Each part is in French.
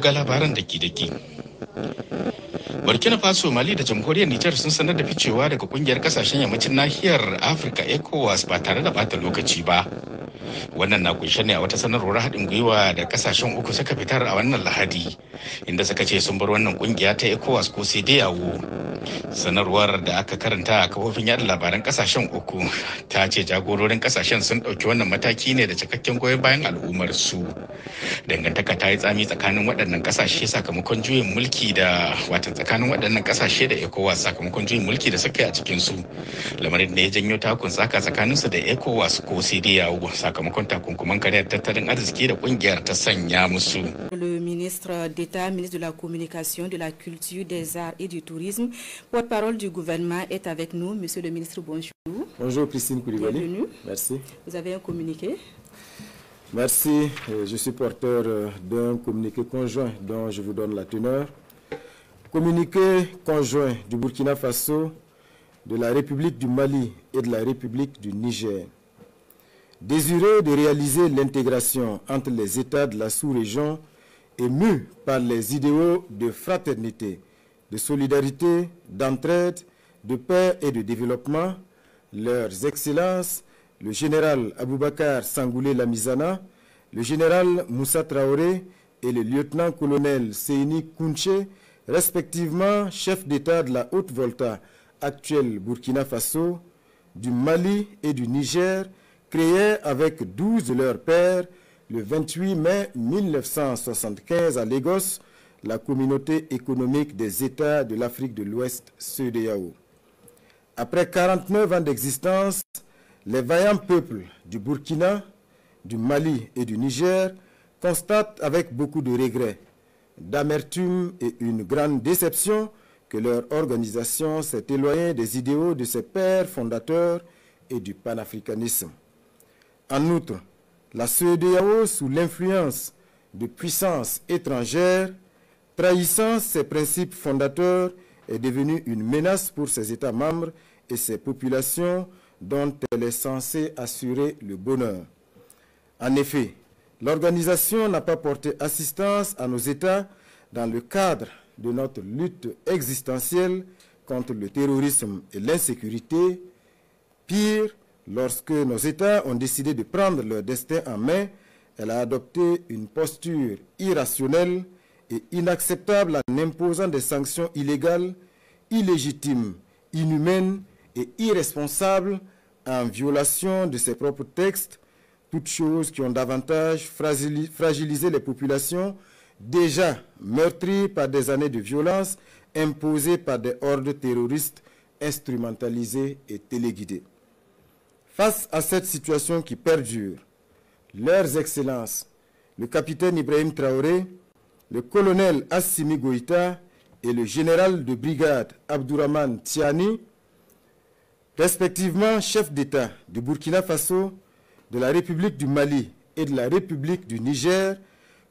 ga labaran da daki burkina faso mali da jamhuriyar nijar sun sanar da ficewa daga kungiyar kasashen yammacin nahiyar afirka ecowas ba tare da bata lokaci ba wannan na kunshe ne a wata sanarwar haɗin gwiwa da kasashen uku suka fitar a wannan lahadi inda suka ce sun bar wannan kungiya ta ecowas ko sai yawo sanarwar da aka karanta a kafofin yada labaran kasashen uku ta ce jagororin kasashen sun ɗauki wannan mataki ne da cikakken goyon bayan al'ummar su dangantaka ta yi tsami tsakanin waɗannan kasashe sakamakon juyin mulki da wata tsakanin waɗannan kasashe da ecowas sakamakon juyin mulki da suka yi a cikin su lamarin da ya janyo takun tsaka tsakaninsu da ecowas ko sai yawo Le ministre d'État, ministre de la Communication, de la Culture, des Arts et du Tourisme, porte-parole du gouvernement est avec nous. Monsieur le ministre, bonjour. Bonjour Christine Koulibaly. Bienvenue. Merci. Vous avez un communiqué. Merci. Euh, je suis porteur euh, d'un communiqué conjoint dont je vous donne la teneur. Communiqué conjoint du Burkina Faso, de la République du Mali et de la République du Niger Désireux de réaliser l'intégration entre les États de la sous-région, ému par les idéaux de fraternité, de solidarité, d'entraide, de paix et de développement, leurs excellences, le général Aboubakar Sangoulé Lamizana, le général Moussa Traoré et le lieutenant-colonel Seini Kounche, respectivement chef d'État de la Haute-Volta, actuelle Burkina Faso, du Mali et du Niger, créé avec douze de leurs pères le 28 mai 1975 à Lagos, la communauté économique des États de l'Afrique de l'Ouest, CEDEAO. Après 49 ans d'existence, les vaillants peuples du Burkina, du Mali et du Niger constatent avec beaucoup de regrets, d'amertume et une grande déception que leur organisation s'est éloignée des idéaux de ses pères fondateurs et du panafricanisme. En outre, la CEDEAO, sous l'influence de puissances étrangères, trahissant ses principes fondateurs, est devenue une menace pour ses États membres et ses populations dont elle est censée assurer le bonheur. En effet, l'organisation n'a pas porté assistance à nos États dans le cadre de notre lutte existentielle contre le terrorisme et l'insécurité. Pire, Lorsque nos États ont décidé de prendre leur destin en main, elle a adopté une posture irrationnelle et inacceptable en imposant des sanctions illégales, illégitimes, inhumaines et irresponsables en violation de ses propres textes, toutes choses qui ont davantage fragilisé les populations déjà meurtries par des années de violence imposées par des hordes terroristes instrumentalisées et téléguidées. Face à cette situation qui perdure, leurs excellences, le capitaine Ibrahim Traoré, le colonel Assimi Goïta et le général de brigade Abdourahman Tiani, respectivement chef d'État du Burkina Faso, de la République du Mali et de la République du Niger,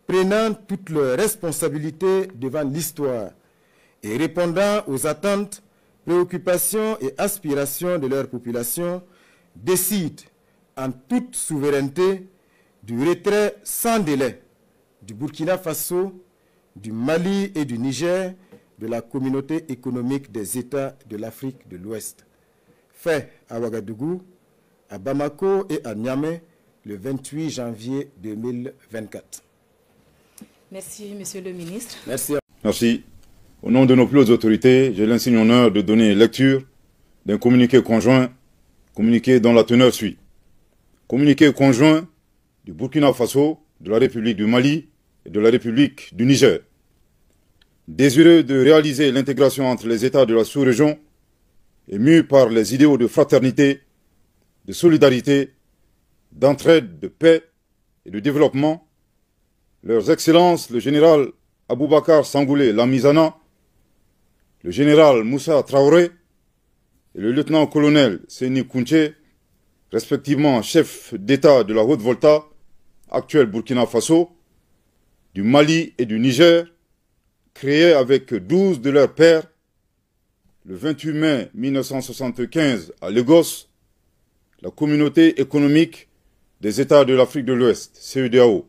prenant toutes leurs responsabilités devant l'histoire et répondant aux attentes, préoccupations et aspirations de leur population, décide en toute souveraineté du retrait sans délai du Burkina Faso, du Mali et du Niger de la communauté économique des États de l'Afrique de l'Ouest. Fait à Ouagadougou, à Bamako et à Niamey le 28 janvier 2024. Merci, Monsieur le Ministre. Merci. Merci. Au nom de nos plus hautes autorités, j'ai l'insigne honneur de donner lecture d'un communiqué conjoint communiqué dont la teneur suit. Communiqué conjoint du Burkina Faso, de la République du Mali et de la République du Niger. Désireux de réaliser l'intégration entre les États de la sous-région, ému par les idéaux de fraternité, de solidarité, d'entraide, de paix et de développement, leurs excellences le général Aboubakar Sangoulé Lamizana, le général Moussa Traoré, le lieutenant-colonel Seni Kounché, respectivement chef d'État de la Haute-Volta, actuel Burkina Faso, du Mali et du Niger, créé avec 12 de leurs pères, le 28 mai 1975 à Lagos, la communauté économique des États de l'Afrique de l'Ouest, CEDAO.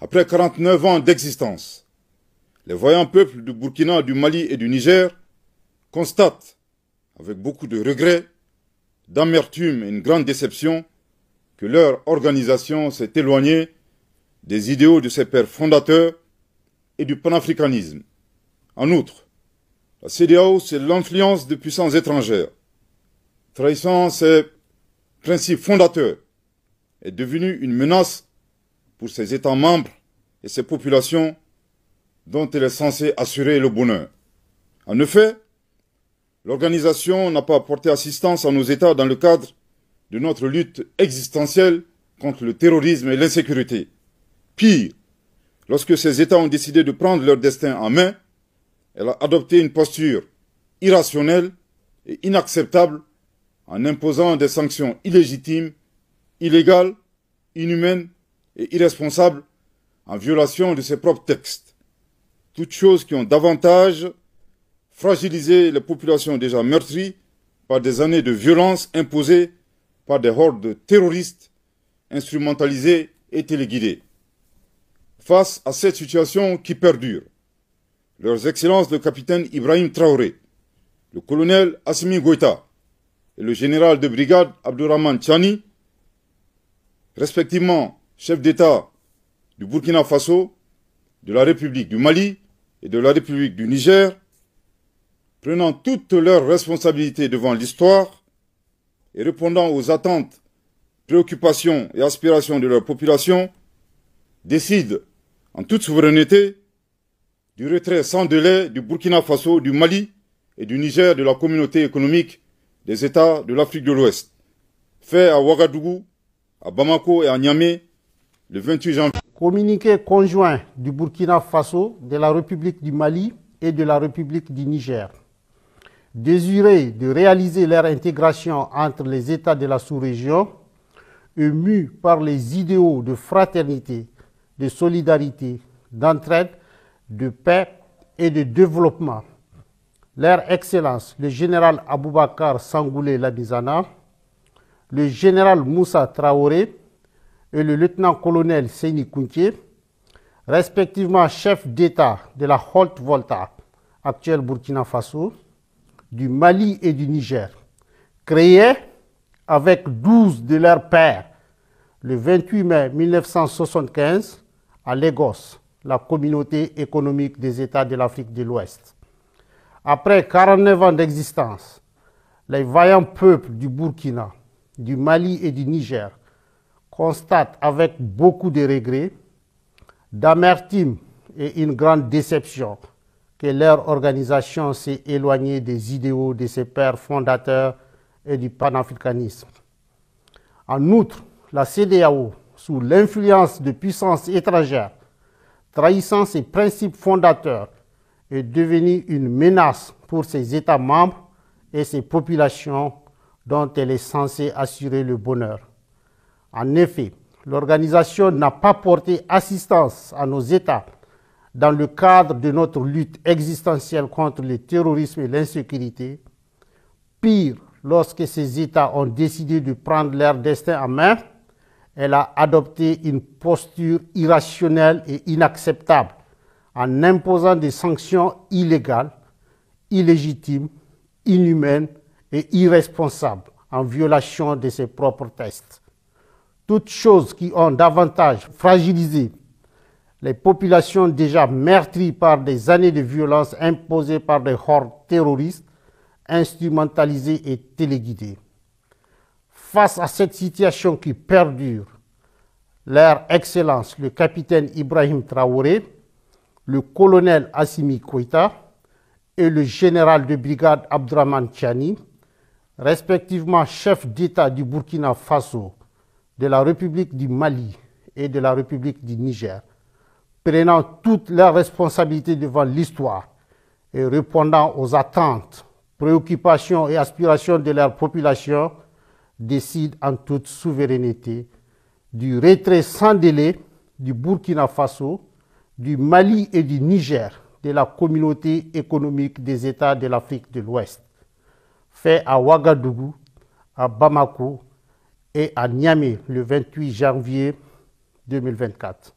Après 49 ans d'existence, les voyants peuples du Burkina, du Mali et du Niger constatent avec beaucoup de regrets, d'amertume et une grande déception que leur organisation s'est éloignée des idéaux de ses pères fondateurs et du panafricanisme. En outre, la CDAO, c'est l'influence de puissances étrangères, trahissant ses principes fondateurs, est devenue une menace pour ses États membres et ses populations dont elle est censée assurer le bonheur. En effet, L'organisation n'a pas apporté assistance à nos États dans le cadre de notre lutte existentielle contre le terrorisme et l'insécurité. Pire, lorsque ces États ont décidé de prendre leur destin en main, elle a adopté une posture irrationnelle et inacceptable en imposant des sanctions illégitimes, illégales, inhumaines et irresponsables en violation de ses propres textes. Toutes choses qui ont davantage fragiliser les populations déjà meurtries par des années de violence imposées par des hordes terroristes instrumentalisées et téléguidées. Face à cette situation qui perdure, leurs excellences le capitaine Ibrahim Traoré, le colonel Assimi Goïta et le général de brigade Abdurrahman Tchani, respectivement chef d'État du Burkina Faso, de la République du Mali et de la République du Niger, prenant toutes leurs responsabilités devant l'histoire et répondant aux attentes, préoccupations et aspirations de leur population, décident en toute souveraineté du retrait sans délai du Burkina Faso, du Mali et du Niger de la communauté économique des États de l'Afrique de l'Ouest, fait à Ouagadougou, à Bamako et à Niamey le 28 janvier. Communiqué conjoint du Burkina Faso, de la République du Mali et de la République du Niger. Désirés de réaliser leur intégration entre les États de la sous-région, émus par les idéaux de fraternité, de solidarité, d'entraide, de paix et de développement. Leur Excellence, le général Aboubakar Sangoulé Labizana, le général Moussa Traoré et le lieutenant-colonel Seyni Kounke, respectivement chef d'État de la Haute Volta, actuelle Burkina Faso, du Mali et du Niger, créés avec douze de leurs pères, le 28 mai 1975 à Lagos, la communauté économique des États de l'Afrique de l'Ouest. Après 49 ans d'existence, les vaillants peuples du Burkina, du Mali et du Niger constatent avec beaucoup de regrets, d'amertume et une grande déception que leur organisation s'est éloignée des idéaux de ses pères fondateurs et du panafricanisme. En outre, la CDAO, sous l'influence de puissances étrangères, trahissant ses principes fondateurs, est devenue une menace pour ses États membres et ses populations dont elle est censée assurer le bonheur. En effet, l'organisation n'a pas porté assistance à nos États dans le cadre de notre lutte existentielle contre le terrorisme et l'insécurité. Pire, lorsque ces États ont décidé de prendre leur destin en main, elle a adopté une posture irrationnelle et inacceptable en imposant des sanctions illégales, illégitimes, inhumaines et irresponsables en violation de ses propres tests. Toutes choses qui ont davantage fragilisé les populations déjà meurtries par des années de violence imposées par des hordes terroristes, instrumentalisées et téléguidées. Face à cette situation qui perdure, leur Excellence, le capitaine Ibrahim Traoré, le colonel Assimi Koïta et le général de brigade Abdraman Tchani, respectivement chef d'État du Burkina Faso, de la République du Mali et de la République du Niger, prenant toutes leurs responsabilités devant l'histoire et répondant aux attentes, préoccupations et aspirations de leur population, décident en toute souveraineté du retrait sans délai du Burkina Faso, du Mali et du Niger de la communauté économique des États de l'Afrique de l'Ouest, fait à Ouagadougou, à Bamako et à Niamey le 28 janvier 2024.